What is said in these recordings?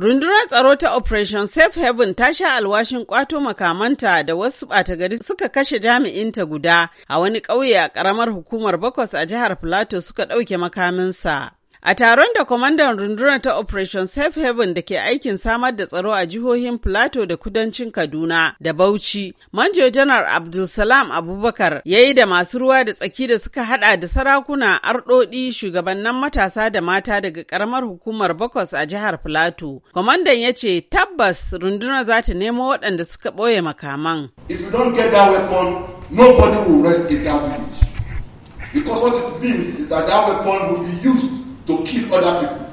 Rundunar tsaro ta Operation Safe Haven ta sha alwashin kwato makamanta da wasu ɓata gari suka kashe jami'inta guda a wani ƙauye a ƙaramar hukumar bakwas a jihar Filato suka ɗauke makaminsa. A taron da kwamandan rundunar ta Operation Safe Haven da ke aikin samar da tsaro a jihohin Plateau da kudancin Kaduna da Bauchi, Manjo Janar Abdulsalam Abubakar ya yi da masu ruwa da tsaki da suka hada da sarakuna arɗoɗi shugabannin matasa da mata daga karamar hukumar Bakwas a jihar Plateau. Kwamandan ya ce tabbas rundunar za ta nemo waɗanda suka ɓoye makaman. If you don't get that weapon, nobody will rest in that village. Because what it means is that that weapon will be used to kill other people.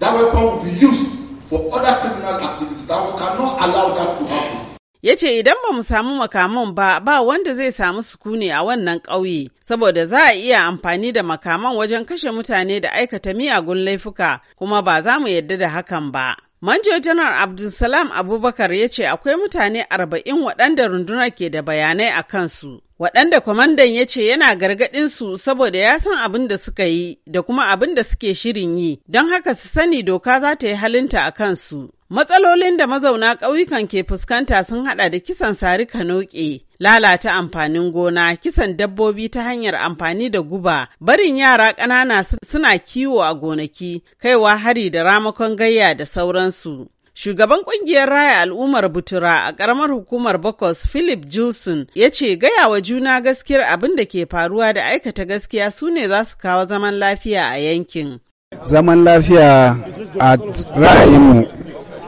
That weapon will be used for other criminal activities that we cannot allow that to happen. ya ce idan ba mu samu makaman ba ba wanda zai samu sukuni a wannan ƙauye saboda za a iya amfani da makaman wajen kashe mutane da aikata miyagun laifuka kuma ba za mu yadda da hakan ba. Manjo Janar Abdulsalam Abubakar ya ce akwai mutane arba'in waɗanda rundunar ke da bayanai a kansu, waɗanda kwamandan ya ce yana gargaɗin saboda ya san abin da suka yi da kuma abin da suke shirin yi, don haka su sani doka za ta yi halinta a kansu. Matsalolin da mazauna ƙauyukan ke fuskanta sun haɗa da kisan sari kanoƙe, lalata amfanin gona, kisan dabbobi ta hanyar amfani da guba, barin yara ƙanana suna kiwo a gonaki, kaiwa hari da ramakon gayya da sauransu. Shugaban kungiyar raya al'ummar Butura a ƙaramar hukumar Bokos Philip Jilson ya ce gaya wa juna gaskiyar abin da ke faruwa da aikata gaskiya su ne za su kawo zaman lafiya a yankin. Zaman lafiya a ra'ayinmu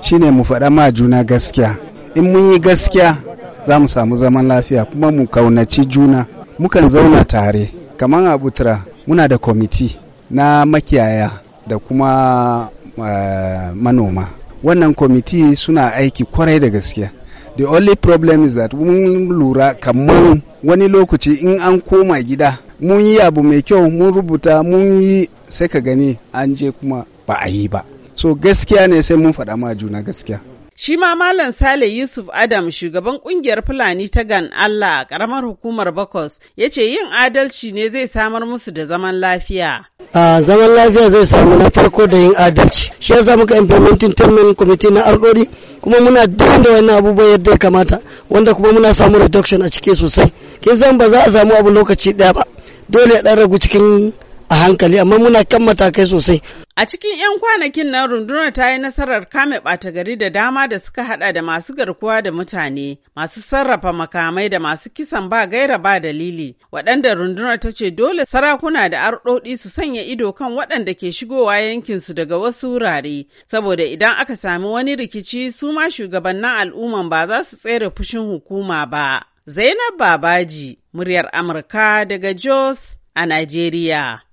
shine mu faɗa ma juna gaskiya. In mun yi gaskiya za mu samu zaman lafiya kuma mu kaunaci juna mukan zauna tare kamar a muna da kwamiti na makiyaya da kuma uh, manoma wannan kwamiti suna aiki kwarai da gaskiya the only problem is that mun lura kamar wani lokaci in an koma gida mun yi abu mai kyau mun rubuta mun yi sai ka gani an je kuma ba a yi ba so gaskiya ne sai mun faɗa ma juna gaskiya Shi ma Malam Sale Yusuf Adam shugaban kungiyar Fulani ta Gan Allah a ƙaramar hukumar Bakos ya ce yin adalci ne zai samar musu da zaman lafiya. a zaman lafiya zai samu na farko da yin adalci shi ya yasa muka implementing termin committee na ardori kuma muna dayan da wani abubuwa yadda ya kamata wanda kuma muna samu reduction a ciki sosai kin san ba za a samu abu lokaci daya ba dole ya ɗan ragu cikin a hankali amma muna kan matakai sosai. A cikin 'yan kwanakin nan rundunar ta yi nasarar kame ɓata gari da dama da suka haɗa da masu garkuwa da mutane, masu sarrafa makamai da masu kisan ba gaira ba dalili, waɗanda rundunar ta ce dole sarakuna da arɗoɗi su sanya ido kan waɗanda ke shigowa yankin su daga wasu wurare, saboda idan aka sami wani rikici su ma shugabannin al'umman ba za su tsere fushin hukuma ba. Zainab Babaji, muryar Amurka daga Jos a Najeriya.